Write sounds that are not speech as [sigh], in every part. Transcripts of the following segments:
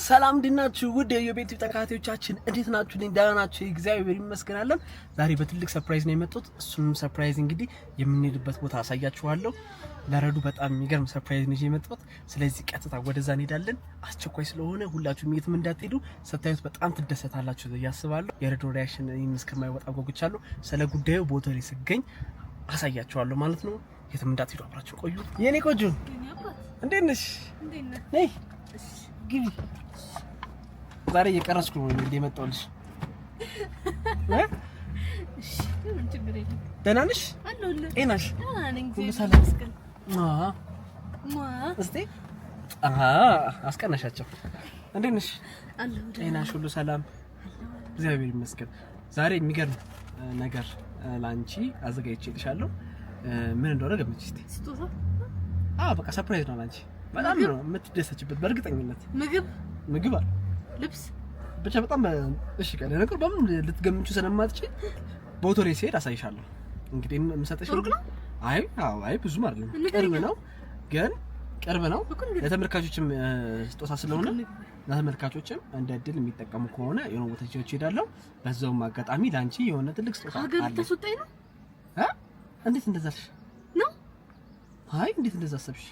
ሰላም ድናችሁ ውድ የቤት ተከታታዮቻችን እንዴት ናችሁ? ደህና ናችሁ? እግዚአብሔር ይመስገናለን። ዛሬ በትልቅ ሰርፕራይዝ ነው የመጡት። እሱንም ሰርፕራይዝ እንግዲህ የምንሄድበት ቦታ አሳያችኋለሁ። ለረዱ በጣም የሚገርም ሰርፕራይዝ ነው የመጡት። ስለዚህ ቀጥታ ወደዛ እንሄዳለን። አስቸኳይ ስለሆነ ሁላችሁም የትም እንዳትሄዱ። ስታዩት በጣም ትደሰታላችሁ እያስባለሁ። የረዶ ሪያክሽን ይህን እስከማይወጣ ጓጉቻለሁ። ስለ ጉዳዩ ቦታ ላይ ስገኝ አሳያችኋለሁ ማለት ነው። የትም እንዳትሄዱ፣ አብራችሁ ቆዩ። የኔ ቆጆ እንዴት ነሽ? ነይ ግቢ። ዛሬ እየቀረስኩ ነው እንዴ የመጣሁልሽ። እሺ፣ ደህና ነሽ? ጤናሽ ሁሉ ሰላም? እስኪ አስቀናሻቸው። እንዴት ነሽ? ጤናሽ ሁሉ ሰላም? እግዚአብሔር ይመስገን። ዛሬ የሚገርም ነገር ለአንቺ አዘጋጅቼልሻለሁ። ምን እንደሆነ ገመች። እስኪ ስጦታ? አዎ፣ በቃ ሰርፕራይዝ ነው ለአንቺ በጣም ነው የምትደሰችበት በእርግጠኝነት። ምግብ ምግብ አለ፣ ልብስ ብቻ በጣም እሺ። ቀለ ነገር በምን ልትገምቹ ስለማትችል ላይ ሲሄድ አሳይሻለሁ። እንግዲህ የምሰጠሽ አይ አዎ፣ አይ ብዙም አይደለም፣ ቅርብ ነው ግን ቅርብ ነው። ለተመልካቾችም ስጦታ ስለሆነ ለተመልካቾችም እንደ እድል የሚጠቀሙ ከሆነ የሆነ ቦታ ሄጃችሁ እሄዳለሁ። በዛውም አጋጣሚ ለአንቺ የሆነ ትልቅ ስጦታ አለ። ሀገር ተሰጠኝ ነው እ እንዴት እንደዛልሽ ነው? አይ እንዴት እንደዛ አሰብሽ?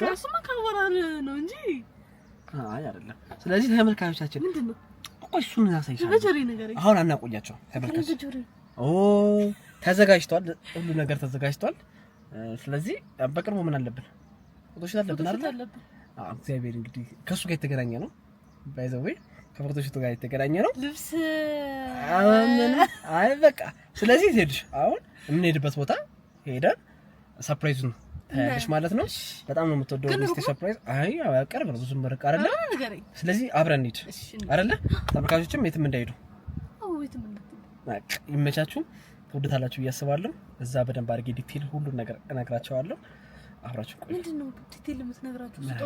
ከእሱማ ካወራን ነው እንጂ አይ አይደለም። ስለዚህ ተመልካቾቻችን ምንድን ቆይ እሱን እናሳይሻለን። አሁን አናቆያቸው ተመልካቾች። ኦ ተዘጋጅቷል፣ ሁሉ ነገር ተዘጋጅቷል። ስለዚህ በቅርቡ ምን አለብን? ፎቶሽ አለብን አይደል? አዎ እግዚአብሔር እንግዲህ ከእሱ ጋር የተገናኘ ነው ባይዘዌ ከፎቶሽቱ ጋር የተገናኘ ነው ልብስ አይ በቃ ስለዚህ ሄድሽ አሁን የምንሄድበት ቦታ ሄደን ሰርፕራይዙን ታያለሽ ማለት ነው። በጣም ነው የምትወደው ሚስቴ ሰርፕራይዝ። አይ ያው ቅርብ ነው ብዙም ርቅ አይደለ። ስለዚህ አብረን እንሂድ አይደለ። ተመልካቾችም የትም እንዳይሄዱ ይመቻችሁ። ትወዱታላችሁ ብዬ አስባለሁ። እዛ በደንብ አድርጌ ዲቴል ሁሉን ነገር እነግራቸዋለሁ። አብራችሁ ቆዩ። ምንድን ነው ዲቴል የምትነግራችሁ? ዲቴል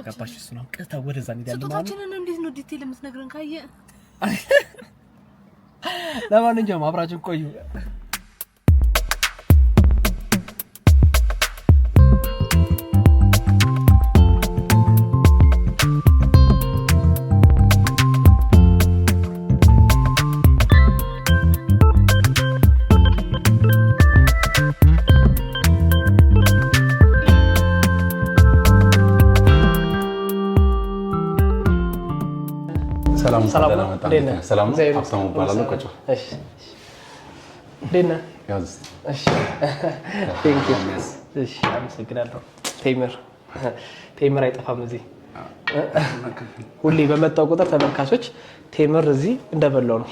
የምትነግረን? ካየ [laughs] ለማንኛውም አብራችሁ ቆዩ። ሰላም ሰላም አመሰግናለሁ። ቴምር ቴምር አይጠፋም እዚህ ሁሌ በመጣው ቁጥር ተመልካቾች ቴምር እዚህ እንደበላው ነው።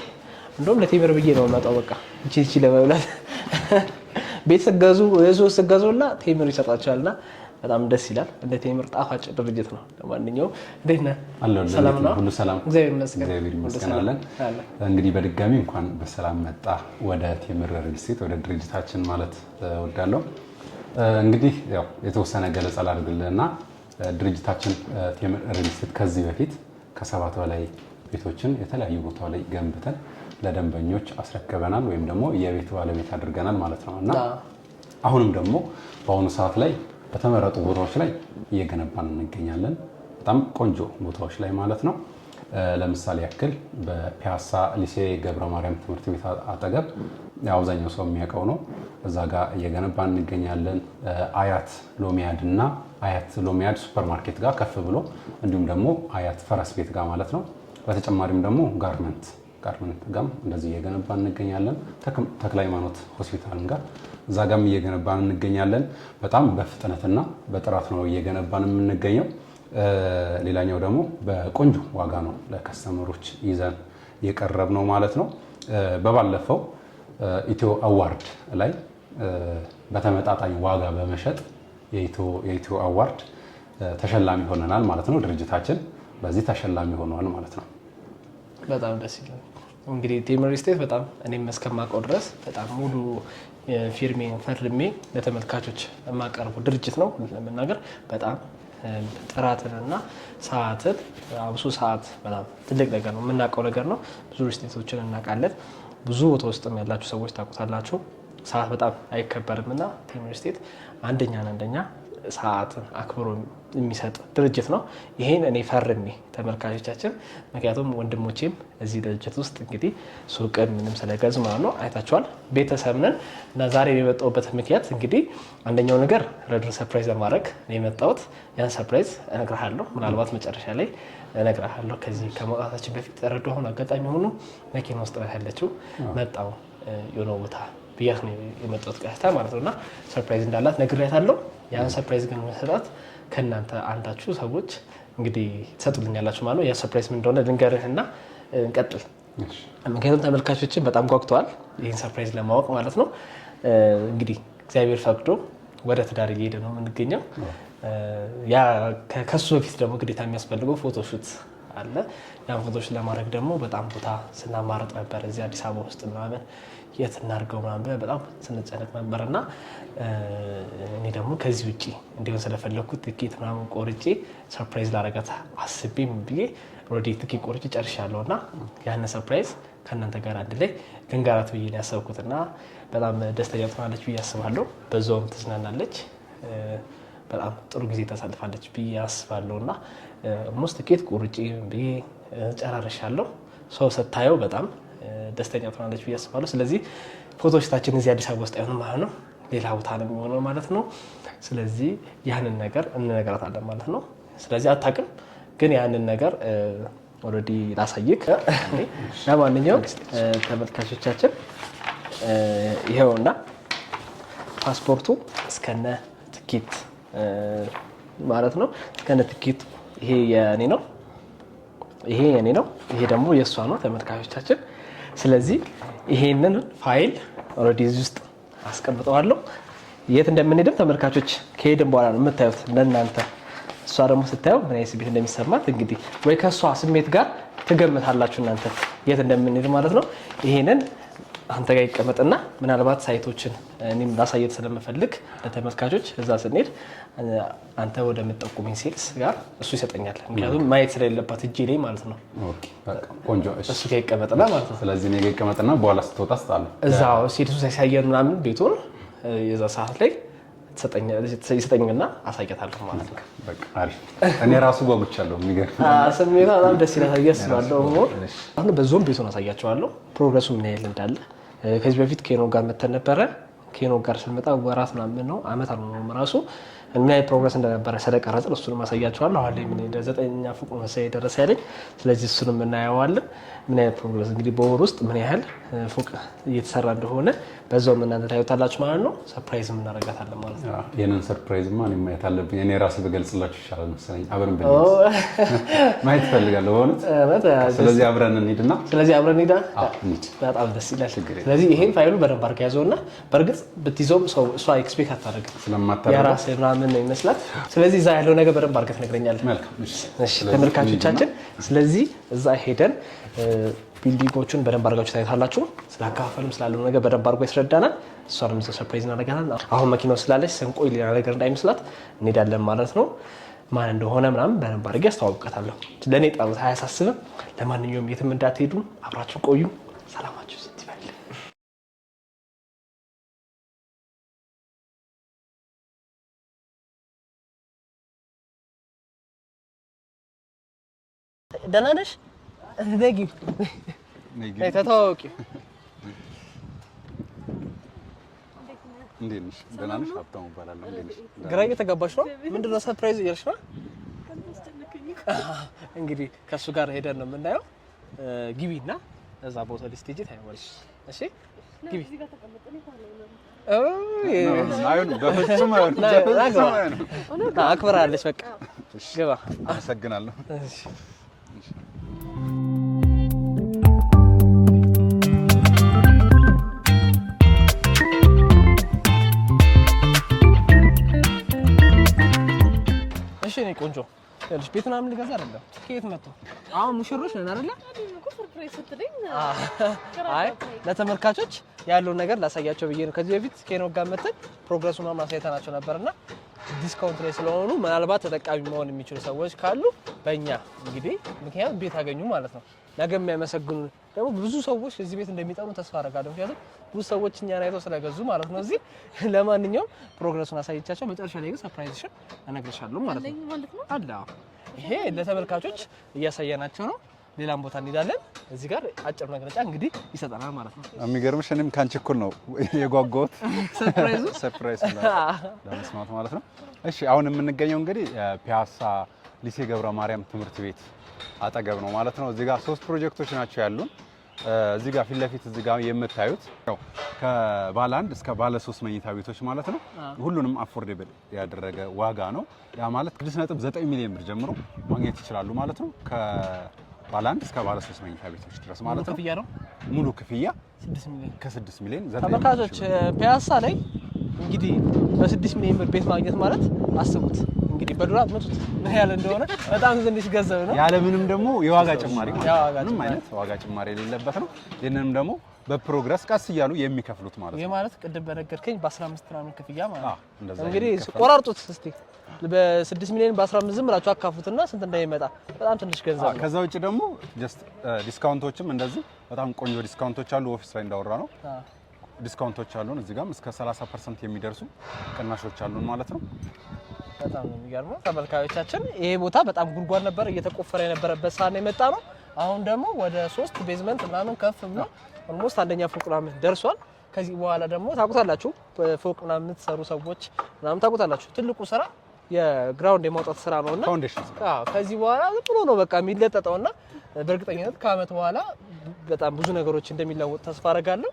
እንደውም ለቴምር ብዬ ነው መጣው። በቃ እቺ እቺ ለመብላት ቤት ስገዙ እሱ ቴምር ይሰጣቸዋልና በጣም ደስ ይላል። እንደ ቴምር ጣፋጭ ድርጅት ነው። ለማንኛውም እንዴት ነህ? ሰላም ነው? ሁሉ ሰላም፣ እግዚአብሔር ይመስገን እንግዲህ በድጋሚ እንኳን በሰላም መጣ ወደ ቴምር ሪል ወደ ድርጅታችን ማለት እወዳለሁ። እንግዲህ ያው የተወሰነ ገለጻ እና ድርጅታችን ቴምር ሪል ከዚህ በፊት ከሰባት በላይ ቤቶችን የተለያዩ ቦታ ላይ ገንብተን ለደንበኞች አስረክበናል ወይም ደግሞ የቤት ባለቤት አድርገናል ማለት ነው እና አሁንም ደግሞ በአሁኑ ሰዓት ላይ በተመረጡ ቦታዎች ላይ እየገነባን እንገኛለን። በጣም ቆንጆ ቦታዎች ላይ ማለት ነው። ለምሳሌ ያክል በፒያሳ ሊሴ ገብረ ማርያም ትምህርት ቤት አጠገብ አብዛኛው ሰው የሚያውቀው ነው። እዛ ጋር እየገነባ እንገኛለን። አያት ሎሚያድ እና አያት ሎሚያድ ሱፐር ማርኬት ጋር ከፍ ብሎ እንዲሁም ደግሞ አያት ፈረስ ቤት ጋር ማለት ነው። በተጨማሪም ደግሞ ጋርመንት ቃርመን ጋም እንደዚህ እየገነባ እንገኛለን። ተክለ ሃይማኖት ሆስፒታልም ጋር እዛ ጋም እየገነባ እንገኛለን። በጣም በፍጥነትና በጥራት ነው እየገነባን የምንገኘው። ሌላኛው ደግሞ በቆንጆ ዋጋ ነው ለከስተመሮች ይዘን የቀረብ ነው ማለት ነው። በባለፈው ኢትዮ አዋርድ ላይ በተመጣጣኝ ዋጋ በመሸጥ የኢትዮ አዋርድ ተሸላሚ ሆነናል ማለት ነው። ድርጅታችን በዚህ ተሸላሚ ሆኗል ማለት ነው። በጣም ደስ ይላል። እንግዲህ ቴምር ስቴት በጣም እኔም እስከማውቀው ድረስ በጣም ሙሉ ፊርሜ ፈርሜ ለተመልካቾች የማቀርቡ ድርጅት ነው። ለመናገር በጣም ጥራትንና ሰዓትን አብሶ ሰዓት በጣም ትልቅ ነገር ነው፣ የምናውቀው ነገር ነው። ብዙ ስቴቶችን እናውቃለን። ብዙ ቦታ ውስጥም ያላችሁ ሰዎች ታውቁታላችሁ። ሰዓት በጣም አይከበርም እና ቴምር ስቴት አንደኛን አንደኛ ሰዓትን አክብሮ የሚሰጥ ድርጅት ነው። ይሄን እኔ ፈርሜ ተመልካቾቻችን፣ ምክንያቱም ወንድሞቼም እዚህ ድርጅት ውስጥ እንግዲህ ሱቅን ምንም ስለገዝ ማለት ነው አይታችኋል። ቤተሰብ ነን እና ዛሬ የመጣሁበት ምክንያት እንግዲህ አንደኛው ነገር ረድር ሰርፕራይዝ ለማድረግ ነው የመጣሁት። ያን ሰርፕራይዝ እነግርሃለሁ፣ ምናልባት መጨረሻ ላይ እነግርሃለሁ። ከዚህ ከመውጣታችን በፊት ረዱ አሁን አጋጣሚ ሆኖ መኪና ውስጥ ነው ያለችው። መጣው የሆነ ቦታ ብያት ነው የመጣሁት ቀጥታ ማለት ነው እና ሰርፕራይዝ እንዳላት ነግሬያታለሁ። ያን ሰርፕራይዝ ግን መሰጣት ከእናንተ አንዳችሁ ሰዎች እንግዲህ ትሰጡልኛላችሁ ማለት ነው። ያ ሰርፕራይዝ ምን እንደሆነ ልንገርህ እና እንቀጥል። ምክንያቱም ተመልካቾችን በጣም ጓጉተዋል ይህን ሰርፕራይዝ ለማወቅ ማለት ነው። እንግዲህ እግዚአብሔር ፈቅዶ ወደ ትዳር እየሄደ ነው የምንገኘው። ያ ከሱ በፊት ደግሞ ግዴታ የሚያስፈልገው ፎቶሹት አለ። ያን ፎቶሹት ለማድረግ ደግሞ በጣም ቦታ ስናማረጥ ነበር እዚህ አዲስ አበባ ውስጥ ምናምን የት እናድርገው ምናምን ብለን በጣም ስንጨነቅ ነበር እና እኔ ደግሞ ከዚህ ውጭ እንዲሆን ስለፈለግኩት ትኬት ምናምን ቆርጬ ሰርፕራይዝ ላረጋት አስቤም ብዬ ሮዴ ትኬት ቆርጬ ጨርሻለሁ እና ያንን ሰርፕራይዝ ከእናንተ ጋር አንድ ላይ ልንጋራት ብዬ ነው ያሰብኩት እና በጣም ደስተኛ ትሆናለች ብዬ አስባለሁ። በዛውም ትዝናናለች፣ በጣም ጥሩ ጊዜ ታሳልፋለች ብዬ አስባለሁ እና ሞስት ትኬት ቆርጬ ብዬ ጨራረሻለሁ። ሰው ስታየው በጣም ደስተኛ ትሆናለች ብዬ አስባለሁ። ስለዚህ ፎቶሽታችን እዚህ አዲስ አበባ ውስጥ አይሆንም ማለት ነው፣ ሌላ ቦታ ነው የሚሆነው ማለት ነው። ስለዚህ ያንን ነገር እንነግራታለን ማለት ነው። ስለዚህ አታውቅም፣ ግን ያንን ነገር ኦልሬዲ ላሳይክ። ለማንኛውም ተመልካቾቻችን ይኸውና ፓስፖርቱ እስከነ ትኬት ማለት ነው። እስከነ ትኬቱ ይሄ የኔ ነው፣ ይሄ የኔ ነው፣ ይሄ ደግሞ የእሷ ነው። ተመልካቾቻችን ስለዚህ ይሄንን ፋይል ኦልሬዲ እዚህ ውስጥ አስቀምጠዋለሁ። የት እንደምንሄድም ተመልካቾች ከሄድን በኋላ ነው የምታዩት ለእናንተ። እሷ ደግሞ ስታየው ምን አይነት ስሜት እንደሚሰማት እንግዲህ ወይ ከእሷ ስሜት ጋር ትገምታላችሁ እናንተ የት እንደምንሄድ ማለት ነው። ይሄንን አንተ ጋር ይቀመጥና ምናልባት ሳይቶችን እኔም ላሳየት ስለምፈልግ ለተመልካቾች እዛ ስንሄድ አንተ ወደ ምጠቁመኝ ሴልስ ጋር እሱ ይሰጠኛል። ምክንያቱም ማየት ስለሌለባት እጄ ላይ ማለት ነው። ቆንጆ እሱ ጋር ይቀመጥና ማለት ነው። ስለዚህ እኔ ጋር ይቀመጥና በኋላ ስትወጣ ስጣለ እዛ ሴልሱ ሳይሳየን ምናምን ቤቱን የዛ ሰዓት ላይ ይሰጠኝና አሳያታለሁ ማለት ነው። እኔ ራሱ ጓጉቻለሁ። የሚገርም ስሜቷ በጣም ደስ ይላታል ብዬ አሁን በዞም ቤቱን አሳያቸዋለሁ ፕሮግረሱ ምን ያህል እንዳለ። ከዚህ በፊት ኬኖ ጋር መተን ነበረ። ኬኖ ጋር ስንመጣ ወራት ምናምን ነው አመት አልሆነውም ራሱ ምን ያህል ፕሮግረስ እንደነበረ ስለቀረጽን እሱንም አሳያቸዋለሁ። አሁን ላይ ምን ዘጠኛ ፎቅ መሰለኝ የደረሰ ያለኝ። ስለዚህ እሱንም እናየዋለን። ምን አይነት ፕሮግረስ እንግዲህ በወር ውስጥ ምን ያህል ፎቅ እየተሰራ እንደሆነ በዛው እናንተ ታዩታላችሁ ማለት ነው። ሰርፕራይዝ እናደርጋታለን ማለት ነው። ይህንን ሰርፕራይዝ ማን ማየት አለብኝ። እኔ ራሴ በገልጽላችሁ ይሻላል መሰለኝ። አብረን [laughs] ማየት እፈልጋለሁ በእውነት። ስለዚህ አብረን እንሂድና ስለዚህ አብረን እንሂዳ በጣም ደስ ይላል። ስለዚህ ይሄን ፋይሉ በደንብ አድርገህ ያዘው እና በእርግጥ ብትይዘውም ሰው እሷ ኤክስፔክት አታደርግም ስለማታደርግ የራስህ ምናምን ነው ይመስላል። ስለዚህ እዛ ያለው ነገር በደንብ አድርገህ ትነግረኛለህ ተመልካቾቻችን። ስለዚህ እዛ ሄደን ቢልዲንጎቹን በደንብ አድርጋችሁ ታይታላችሁ። ስለ አካፋፈልም ስላለው ነገር በደንብ አድርጎ ያስረዳናል። እሷንም ሰርፕራይዝ እናደርጋታለን። አሁን መኪናው ስላለች ሰንቆይ ሌላ ነገር እንዳይመስላት እንሄዳለን ማለት ነው። ማን እንደሆነ ምናምን በደንብ አድርጌ ያስተዋውቀታለሁ። ለእኔ ጠሩት፣ አያሳስብም። ለማንኛውም የትም እንዳትሄዱ አብራችሁ ቆዩ። ሰላማችሁ ደህና ነሽ? ተተጊው ተታወቂ። እንዴት ነሽ? ደህና ነሽ? ሀብታሙ እባላለሁ። እንዴት ነሽ? ግራ እየተጋባሽ ነው። ምንድን ነው ሰርፕራይዝ እያልሽ ነው? እንግዲህ ከእሱ ጋር ሄደን ነው የምናየው። ግቢ እና እዛ ቦታ ሊስትጅ ታይዋለሽ። እሺ ግቢ። አክብራለች። በቃ ግባ። አመሰግናለሁ። የኔ ቆንጆ ልጅ ቤት ምናምን ልገዛ አይደለም። ከየት መጣ? አሁን ሙሽሮች ነን አይደለ? [laughs] አይ ለተመልካቾች ያለውን ነገር ላሳያቸው ብዬ ነው። ከዚህ በፊት ከኖ ጋር መተን ፕሮግረሱ ምናምን አሳይተናቸው ነበርና ዲስካውንት ላይ ስለሆኑ ምናልባት ተጠቃሚ መሆን የሚችሉ ሰዎች ካሉ በእኛ እንግዲህ ምክንያት ቤት አገኙ ማለት ነው። ነገ የሚያመሰግኑ ደግሞ ብዙ ሰዎች እዚህ ቤት እንደሚጠሩ ተስፋ አደርጋለሁ። ምክንያቱም ብዙ ሰዎች እኛን አይተው ስለገዙ ማለት ነው። እዚህ ለማንኛውም ፕሮግረሱን አሳየቻቸው። መጨረሻ ላይ ግን ሰርፕራይዝሽን እነግርሻለሁ ማለት ነው። አለ ይሄ ለተመልካቾች እያሳየናቸው ነው። ሌላም ቦታ እንሄዳለን። እዚህ ጋር አጭር መግለጫ እንግዲህ ይሰጠናል ማለት ነው። የሚገርምሽ እኔም ከአንቺ እኩል ነው የጓጓሁት ሰርፕራይዙ ሰርፕራይዝ ለመስማት ማለት ነው። እሺ አሁን የምንገኘው እንግዲህ ፒያሳ ሊሴ ገብረ ማርያም ትምህርት ቤት አጠገብ ነው ማለት ነው። እዚህ ጋር ሶስት ፕሮጀክቶች ናቸው ያሉን። እዚህ ጋር ፊት ለፊት እዚህ ጋር የምታዩት ከባለ አንድ እስከ ባለ ሶስት መኝታ ቤቶች ማለት ነው። ሁሉንም አፎርዴብል ያደረገ ዋጋ ነው። ያ ማለት 6.9 ሚሊዮን ብር ጀምሮ ማግኘት ይችላሉ ማለት ነው። ባለ አንድ እስከ ባለ ሶስት መኝታ ቤቶች ድረስ ማለት ነው። ክፍያ ነው ሙሉ ክፍያ ከስድስት ሚሊዮን ተመልካቾች ፒያሳ ላይ እንግዲህ በስድስት ሚሊዮን ብር ቤት ማግኘት ማለት አስቡት እንግዲህ በዱራ መጡት ምን ያህል እንደሆነ በጣም ትንሽ ገንዘብ ነው። ያለምንም ደግሞ የዋጋ ጭማሪ ምንም አይነት ዋጋ ጭማሪ የሌለበት ነው። ይህንንም ደግሞ በፕሮግረስ ቀስ እያሉ የሚከፍሉት ማለት ነው። ማለት ቅድም በነገርከኝ በ15 ምናምን ክፍያ ማለት ነው። እንግዲህ ቆራርጡት እስቲ በ6 ሚሊዮን በ15 ዝም ብላችሁ አካፉትና ስንት እንደሚመጣ በጣም ትንሽ ገንዘብ ነው። ከዛ ውጭ ደግሞ ጀስት ዲስካውንቶችም እንደዚህ በጣም ቆንጆ ዲስካውንቶች አሉ። ኦፊስ ላይ እንዳወራ ነው ዲስካውንቶች አሉን። እዚህ ጋም እስከ 30 ፐርሰንት የሚደርሱ ቅናሾች አሉን ማለት ነው። በጣም ነው የሚገርመው ተመልካዮቻችን። ይሄ ቦታ በጣም ጉድጓድ ነበር፣ እየተቆፈረ የነበረበት ሰዓት ነው የመጣ ነው። አሁን ደግሞ ወደ ሶስት ቤዝመንት ምናምን ከፍ ብሎ ኦልሞስት አንደኛ ፎቅ ምናምን ደርሷል። ከዚህ በኋላ ደግሞ ታቁታላችሁ፣ ፎቅ ምናምን የምትሰሩ ሰዎች ምናምን ታቁታላችሁ። ትልቁ ስራ የግራውንድ የማውጣት ስራ ነውና ከዚህ በኋላ ብሎ ነው በቃ የሚለጠጠውና በእርግጠኝነት ከአመት በኋላ በጣም ብዙ ነገሮች እንደሚላወጥ ተስፋ አረጋለሁ።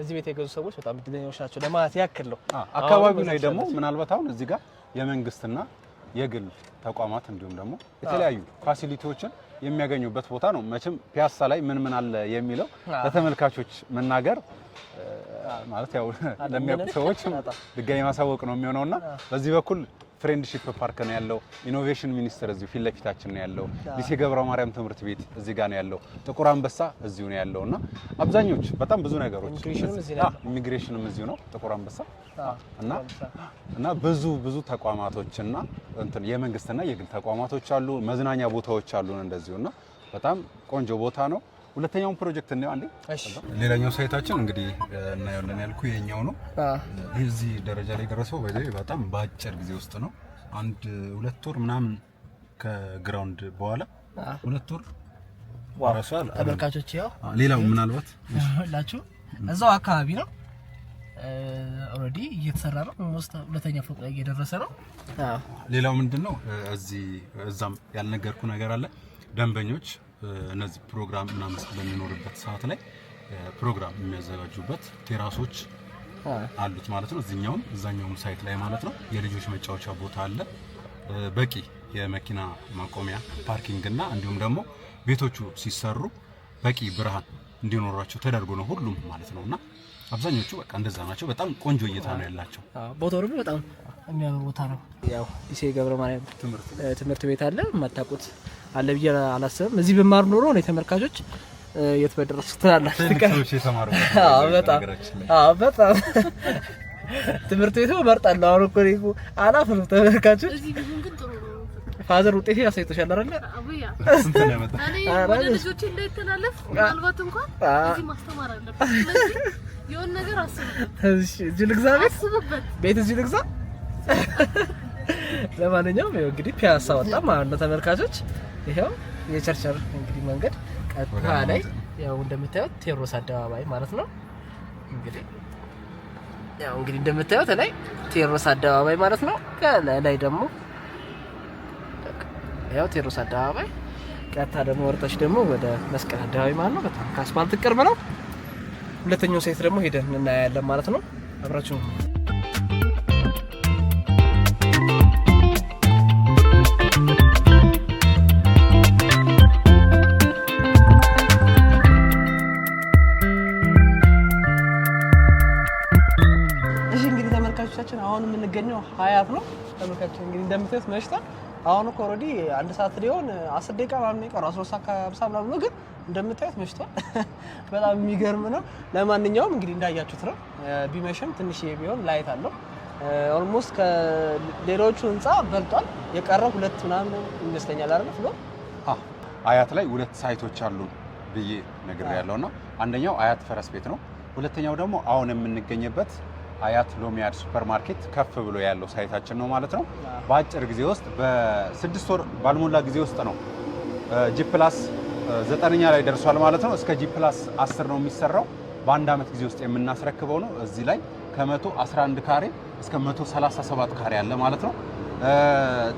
እዚህ ቤት የገዙ ሰዎች በጣም እድለኞች ናቸው ለማለት ያክል ነው። አካባቢው ላይ ደግሞ ምናልባት አሁን እዚህ ጋር የመንግስትና የግል ተቋማት እንዲሁም ደግሞ የተለያዩ ፋሲሊቲዎችን የሚያገኙበት ቦታ ነው። መቼም ፒያሳ ላይ ምን ምን አለ የሚለው ለተመልካቾች መናገር ማለት ያው ለሚያውቁ ሰዎች ድጋሚ ማሳወቅ ነው የሚሆነውና በዚህ በኩል ፍሬንድሺፕ ፓርክ ነው ያለው። ኢኖቬሽን ሚኒስቴር እዚሁ ፊት ለፊታችን ነው ያለው። ሊሴ ገብረ ማርያም ትምህርት ቤት እዚህ ጋር ነው ያለው። ጥቁር አንበሳ እዚሁ ነው ያለው እና አብዛኞቹ በጣም ብዙ ነገሮች ኢሚግሬሽንም እዚሁ ነው ጥቁር አንበሳ እና እና ብዙ ብዙ ተቋማቶችና እንትን የመንግስትና የግል ተቋማቶች አሉ፣ መዝናኛ ቦታዎች አሉን እንደዚሁ እና በጣም ቆንጆ ቦታ ነው። ሁለተኛውን ፕሮጀክት እናየው አንዴ። እሺ፣ ሌላኛው ሳይታችን እንግዲህ እናየዋለን ያልኩ የኛው ነው። እዚህ ደረጃ ላይ ደረሰው ወይ በጣም በአጭር ጊዜ ውስጥ ነው። አንድ ሁለት ወር ምናምን ከግራውንድ በኋላ ሁለት ወር ራሷል። ተመልካቾች ያው ሌላው ምናልባት ሁላችሁ [laughs] እዛው አካባቢ ነው ኦልሬዲ እየተሰራ ነው። ሞስት ሁለተኛ ፎቅ ላይ እየደረሰ ነው። ሌላው ምንድን ነው እዚህ እዛም ያልነገርኩ ነገር አለ ደንበኞች እነዚህ ፕሮግራም ምናምን በሚኖርበት ሰዓት ላይ ፕሮግራም የሚያዘጋጁበት ቴራሶች አሉት ማለት ነው። እዚኛውም እዛኛውም ሳይት ላይ ማለት ነው። የልጆች መጫወቻ ቦታ አለ። በቂ የመኪና ማቆሚያ ፓርኪንግ እና እንዲሁም ደግሞ ቤቶቹ ሲሰሩ በቂ ብርሃን እንዲኖራቸው ተደርጎ ነው ሁሉም ማለት ነውና አብዛኞቹ በቃ እንደዛ ናቸው። በጣም ቆንጆ እይታ ነው ያላቸው። ቦታው ደግሞ በጣም የሚያምር ቦታ ነው። ያው ኢሴ ገብረ ማርያም ትምህርት ቤት አለ የማታውቁት አለ ብዬ አላስብም። እዚህ ብማር ኖሮ ነው የተመልካቾች የት በደረሱ ትላላችሁ። በጣም [laughs] ትምህርት ቤቱ እመርጣለሁ። አሁን እኮ እኔ አላፍ ነው ተመልካቾች ፋዘር ውጤት ያሳይቶሻል አቡያ ስንት ነው ልጆች እንኳን እዚህ ማስተማር አለበት። የሆነ ነገር አስብ። እሺ እዚህ ልግዛ ቤት ቤት እዚህ ልግዛ። ለማንኛውም ይኸው እንግዲህ ፒያሳ ወጣ ማለት ነው ተመልካቾች። ይኸው የቸርቸር እንግዲህ መንገድ ቀጥታ ላይ ያው እንደምታዩት ቴዎድሮስ አደባባይ ማለት ነው እንግዲህ ያው እንግዲህ እንደምታዩት ላይ ቴዎድሮስ አደባባይ ማለት ነው። ከላይ ደግሞ ያው ቴዎድሮስ አደባባይ ቀጥታ ደግሞ ወርታች ደግሞ ወደ መስቀል አደባባይ ማለት ነው። በጣም ከአስፋልት ቅርብ ነው። ሁለተኛው ሴት ደግሞ ሄደን እናያለን ማለት ነው። አብራችሁ ሰዓታችን እንግዲህ እንደምታዩት መሽቷል። አሁን እኮ ኦልሬዲ አንድ ሰዓት ሊሆን አስር ደቂቃ ምናምን የቀረው አስራ ሁለት ከሀምሳ ምናምን ግን እንደምታዩት መሽቷል። [laughs] በጣም የሚገርም ነው። ለማንኛውም እንግዲህ እንዳያችሁት ነው። ቢመሽም ትንሽ ቢሆን ላይት አለው። ኦልሞስት ከሌሎቹ ህንፃ በልጧል። የቀረው ሁለት ምናምን ይመስለኛል አይደል ፍሎ አያት ላይ ሁለት ሳይቶች አሉ ብዬ ነግሬያለሁና አንደኛው አያት ፈረስ ቤት ነው። ሁለተኛው ደግሞ አሁን የምንገኝበት አያት ሎሚያድ ሱፐር ማርኬት ከፍ ብሎ ያለው ሳይታችን ነው ማለት ነው። በአጭር ጊዜ ውስጥ በስድስት ወር ባልሞላ ጊዜ ውስጥ ነው ጂ ፕላስ ዘጠነኛ ላይ ደርሷል ማለት ነው። እስከ ጂ ፕላስ አስር ነው የሚሰራው። በአንድ አመት ጊዜ ውስጥ የምናስረክበው ነው። እዚህ ላይ ከመቶ 11 ካሬ እስከ 137 ካሬ አለ ማለት ነው።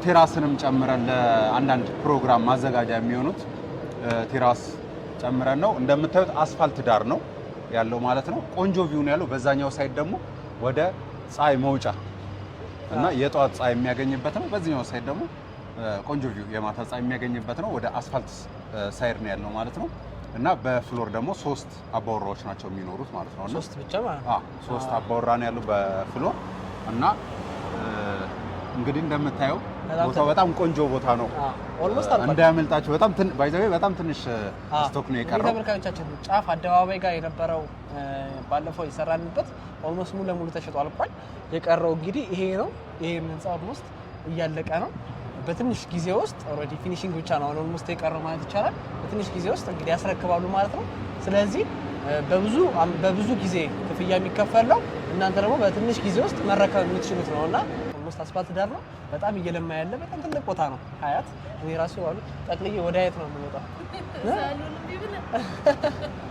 ቴራስንም ጨምረን ለአንዳንድ ፕሮግራም ማዘጋጃ የሚሆኑት ቴራስ ጨምረን ነው። እንደምታዩት አስፋልት ዳር ነው ያለው ማለት ነው። ቆንጆ ቪው ነው ያለው። በዛኛው ሳይድ ደግሞ ወደ ፀሐይ መውጫ እና የጠዋት ፀሐይ የሚያገኝበት ነው። በዚህኛው ሳይድ ደግሞ ቆንጆ ቪው የማታ ፀሐይ የሚያገኝበት ነው። ወደ አስፋልት ሳይድ ነው ያለው ማለት ነው። እና በፍሎር ደግሞ ሶስት አባወራዎች ናቸው የሚኖሩት ማለት ነው። ሶስት ብቻ ማለት አዎ፣ ሶስት አባወራ ነው ያለው በፍሎር እና እንግዲህ እንደምታየው ቦታው በጣም ቆንጆ ቦታ ነው። እንዳያመልጣችሁ። በጣም ትን ባይ ዘ ወይ በጣም ትንሽ ስቶክ ነው የቀረው። ተመልካዮቻችን ጫፍ አደባባይ ጋር የነበረው ባለፈው የሰራንበት ኦልሞስት ሙሉ ለሙሉ ተሽጦ አልቋል። የቀረው እንግዲህ ይሄ ነው። ይሄ ህንፃ ኦልሞስት እያለቀ ነው። በትንሽ ጊዜ ውስጥ ኦልሬዲ ፊኒሽንግ ብቻ ነው ኦልሞስት የቀረው ማለት ይቻላል። በትንሽ ጊዜ ውስጥ እንግዲህ ያስረክባሉ ማለት ነው። ስለዚህ በብዙ በብዙ ጊዜ ክፍያ የሚከፈል ነው። እናንተ ደግሞ በትንሽ ጊዜ ውስጥ መረከብ የምትችሉት ነው እና ኦልሞስት አስፋልት ዳር ነው። በጣም እየለማ ያለ በጣም ትልቅ ቦታ ነው ሀያት። እኔ ራሱ ጠቅልዬ ወደ ሀያት ነው የምንወጣው። [laughs] [laughs]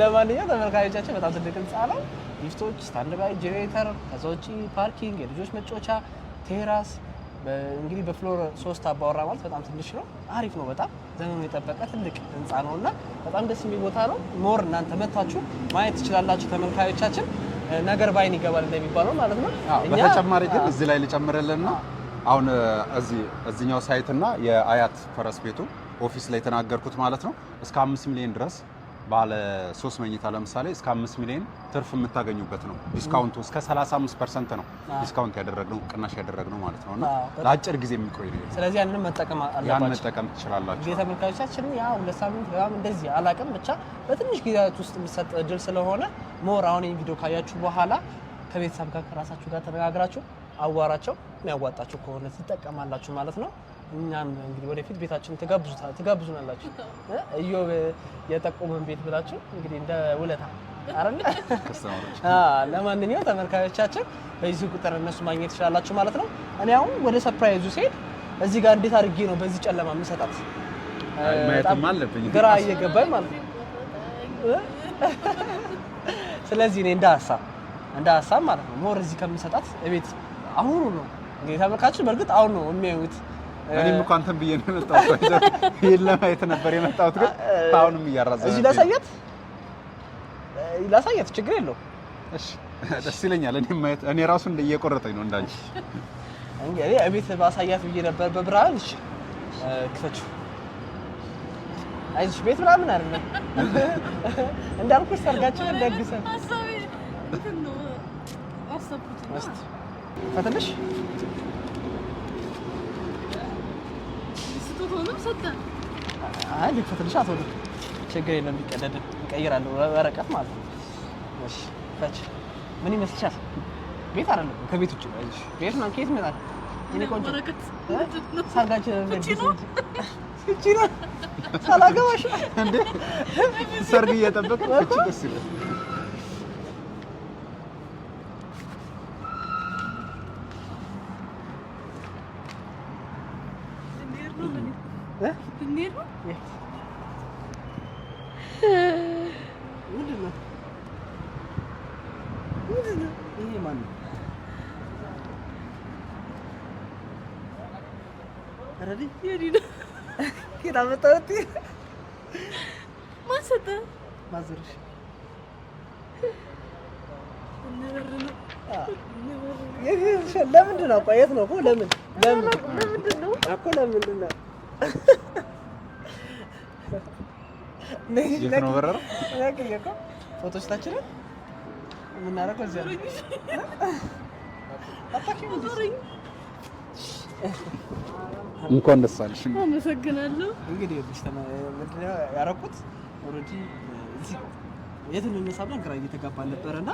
ለማንኛውም ተመልካቾቻችን በጣም ትልቅ ህንፃ ነው። ሊፍቶች፣ ስታንድ ባይ ጄኔሬተር፣ ከዛ ፓርኪንግ፣ የልጆች መጫወቻ፣ ቴራስ እንግዲህ በፍሎር ሶስት አባወራ ማለት በጣም ትንሽ ነው። አሪፍ ነው። በጣም ዘመኑ የጠበቀ ትልቅ ህንፃ ነው እና በጣም ደስ የሚል ቦታ ነው። ሞር እናንተ መታችሁ ማየት ትችላላችሁ ተመልካዮቻችን። ነገር ባይን ይገባል እንደሚባለው ማለት ነው። በተጨማሪ ግን እዚህ ላይ ልጨምርልና አሁን እዚህኛው ሳይትና የአያት ፈረስ ቤቱ ኦፊስ ላይ የተናገርኩት ማለት ነው እስከ አምስት ሚሊዮን ድረስ ባለ ሶስት መኝታ ለምሳሌ እስከ አምስት ሚሊዮን ትርፍ የምታገኙበት ነው። ዲስካውንቱ እስከ 35 ፐርሰንት ነው። ዲስካውንት ያደረግነው ቅናሽ ያደረግነው ማለት ነው እና ለአጭር ጊዜ የሚቆይ ነው። ስለዚህ ያንን መጠቀም ያን መጠቀም ትችላላችሁ። ጊዜ ተመልካቾቻችን ያ ሁለት ሳምንት በጣም እንደዚህ አላቅም ብቻ በትንሽ ጊዜያት ውስጥ የሚሰጥ እድል ስለሆነ ሞር አሁን ይህን ቪዲዮ ካያችሁ በኋላ ከቤተሰብ ጋር ከራሳችሁ ጋር ተነጋግራችሁ አዋራቸው የሚያዋጣቸው ከሆነ ትጠቀማላችሁ ማለት ነው። እኛን እንግዲህ ወደፊት ቤታችን ትጋብዙናላችሁ። እዮብ የጠቆመን ቤት ብላችሁ እንግዲህ እንደ ውለታ አረን ለማንኛውም ተመልካዮቻችን በዚህ ቁጥር እነሱ ማግኘት ትችላላችሁ ማለት ነው። እኔ አሁን ወደ ሰፕራይዙ ሲሄድ እዚህ ጋር እንዴት አድርጌ ነው በዚህ ጨለማ የምሰጣት ግራ እየገባኝ ማለት ነው። ስለዚህ እኔ እንደ ሀሳብ እንደ ሀሳብ ማለት ነው ሞር እዚህ ከምሰጣት እቤት አሁኑ ነው እንግዲህ ተመልካችን በእርግጥ አሁን ነው የሚያዩት እኔም እኮ አንተን ብዬ ነው የመጣሁት። ይሄን ለማየት ነበር የመጣሁት፣ ግን አሁንም እያራዘመ እዚህ ላሳያት ላሳያት፣ ችግር የለው። እሺ ደስ ይለኛል። እኔ ማየት እኔ ራሱ እየቆረጠኝ ነው እንዳንቺ። እንግዲህ እቤት ባሳያት ብዬ ነበር በብርሃን። እሺ ክፈችው፣ አይዞሽ ቤት ምናምን አይደለም እንዳልኩሽ፣ ሰርጋችንን ደግሰን ፈትልሽ አይ ልክፈትልሽ፣ አትወድም። ችግር የለም ቢቀደድ እቀይራለሁ። ወረቀት ማለት ነው። እሺ ፈች ምን ይመስልሻል? ቤት አይደለም ከቤት ውጭ ነው። ቤት ነው ከየት ይመጣል? እኔ ቆንጆ ሰርጋችን ነው። ሳላገባሽ እንደ ሰርግ እየጠበቅን ፍቺ ደስ ይላል። होती मस्त माजूरशी ለምንድን ነው ቆይ ነው እኮ ለምን ለምንድን እኮ ለምንድን ነው ነው እንኳን ደስ አለሽ። አመሰግናለሁ። እንግዲህ ያረኩት ኦልሬዲ እዚህ የት ነው የሚያሳብለን ግራ እየተጋባን ነበረና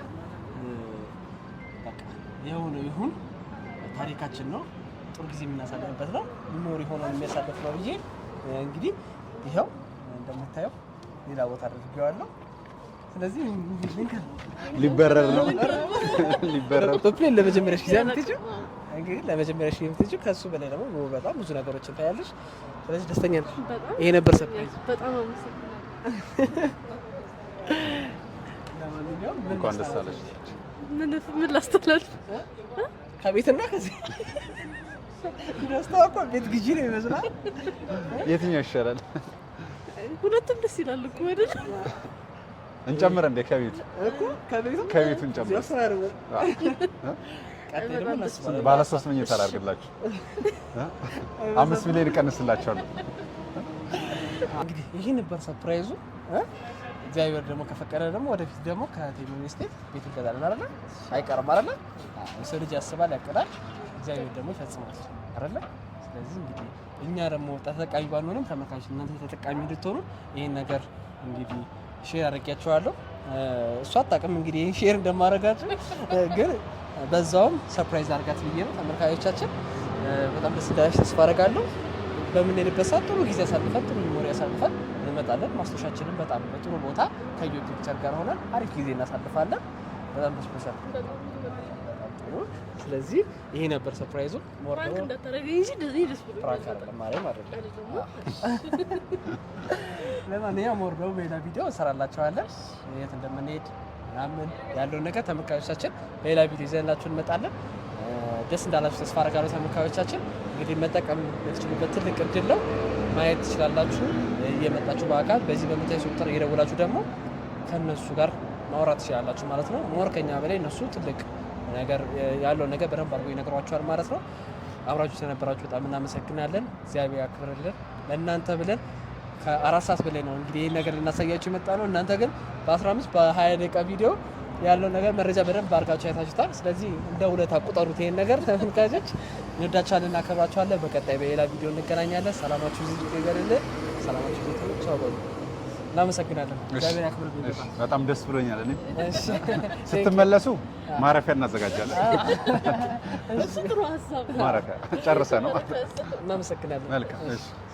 በቃ የሆነ ይሁን ታሪካችን ነው። ጥሩ ጊዜ የምናሳልፍበት ነው። ሚሞሪ ሆኖ የሚያሳልፍ ነው ብዬ እንግዲህ ይኸው እንደምታየው ሌላ ቦታ አድርጌዋለሁ። ስለዚህ ሊበረር ነው ሊበረር። በፕሌን ለመጀመሪያ ጊዜ እንግዲህ ለመጀመሪያ ሺህ የምትሄጂው ከሱ በላይ ደግሞ በጣም ብዙ ነገሮች ታያለሽ። ስለዚህ ደስተኛ ነው። ይሄ ነበር ሰፕራይዝ። በጣም ለማንኛውም ምን ምን ላስተላልፍ ከቤትና ከዚህ ደስታ እኮ ቤት ግዢ ነው ይመስላል። የትኛው ይሻላል? ሁለቱም ደስ ይላል እኮ አይደል? እንጨምር እንደ ከቤቱ ከቤቱ እንጨምር። ባለ ሶስት መኝታ አድርግላችሁ አምስት ሚሊዮን ይቀንስላችኋል። እንግዲህ ይሄ ነበር ሰርፕራይዙ። እግዚአብሔር ደግሞ ከፈቀደ ደግሞ ወደፊት ደግሞ ከቴሚ ስቴት ቤት እንገዛለን አይደለ? አይቀርም አይደለ? ሰው ልጅ ያስባል፣ ያቅዳል፣ እግዚአብሔር ደግሞ ይፈጽማል አይደለ? ስለዚህ እንግዲህ እኛ ደግሞ ተጠቃሚ ባንሆንም ተመልካች እናንተ ተጠቃሚ እንድትሆኑ ይህን ነገር እንግዲህ ሼር አድርጌያቸዋለሁ። እሷ አታውቅም እንግዲህ ይህን ሼር እንደማደርጋቸው ግን በዛውም ሰርፕራይዝ አድርጋት ብዬ ነው። ተመልካቾቻችን በጣም ደስ እንዳለች ተስፋ አደርጋለሁ። በምንሄድበት ሰዓት ጥሩ ጊዜ አሳልፈን ጥሩ ሚሞሪ አሳልፈን እንመጣለን። ማስታወሻችንም በጣም በጥሩ ቦታ ከየ ፒክቸር ጋር ሆነን አሪፍ ጊዜ እናሳልፋለን። በጣም ደስ ብሎሻል። ስለዚህ ይሄ ነበር ሰርፕራይዙ። ለማንኛውም ወርደው ሌላ ቪዲዮ እንሰራላቸዋለን የት እንደምንሄድ ምናምን ያለውን ነገር ተመልካዮቻችን በሌላ ቪዲዮ ይዘንላችሁ እንመጣለን። ደስ እንዳላችሁ ተስፋ አደርጋለሁ። ተመልካዮቻችን እንግዲህ መጠቀም የምትችሉበት ትልቅ እድል ነው። ማየት ትችላላችሁ እየመጣችሁ በአካል በዚህ በምታይ ቁጥር እየደወላችሁ ደግሞ ከነሱ ጋር ማውራት ትችላላችሁ ማለት ነው። ሞር ከኛ በላይ እነሱ ትልቅ ነገር ያለውን ነገር በደንብ አድርጎ ይነግሯችኋል ማለት ነው። አብራችሁ ስለነበራችሁ በጣም እናመሰግናለን። እግዚአብሔር ያክብርልን። ለእናንተ ብለን ከአራት ሰዓት በላይ ነው እንግዲህ ይህን ነገር ልናሳያችሁ የመጣ ነው። እናንተ ግን በ15 በ20 ደቂቃ ቪዲዮ ያለው ነገር መረጃ በደንብ አድርጋችሁ አይታችሁታል። ስለዚህ እንደ ሁለት አቁጠሩት ይሄን ነገር [laughs] ተመልካቾች። እንወዳችኋለን፣ እናከብራችኋለን። በቀጣይ በሌላ ቪዲዮ እንገናኛለን። ሰላማችሁ ዝ ይገርልን። ሰላማችሁ ቤተሰቦች አውበሉ። እናመሰግናለን። በጣም ደስ ብሎኛል። እኔ ስትመለሱ ማረፊያ እናዘጋጃለን። [laughs] ማረፊያ ጨርሰ ነው። [laughs] እናመሰግናለን። መልካም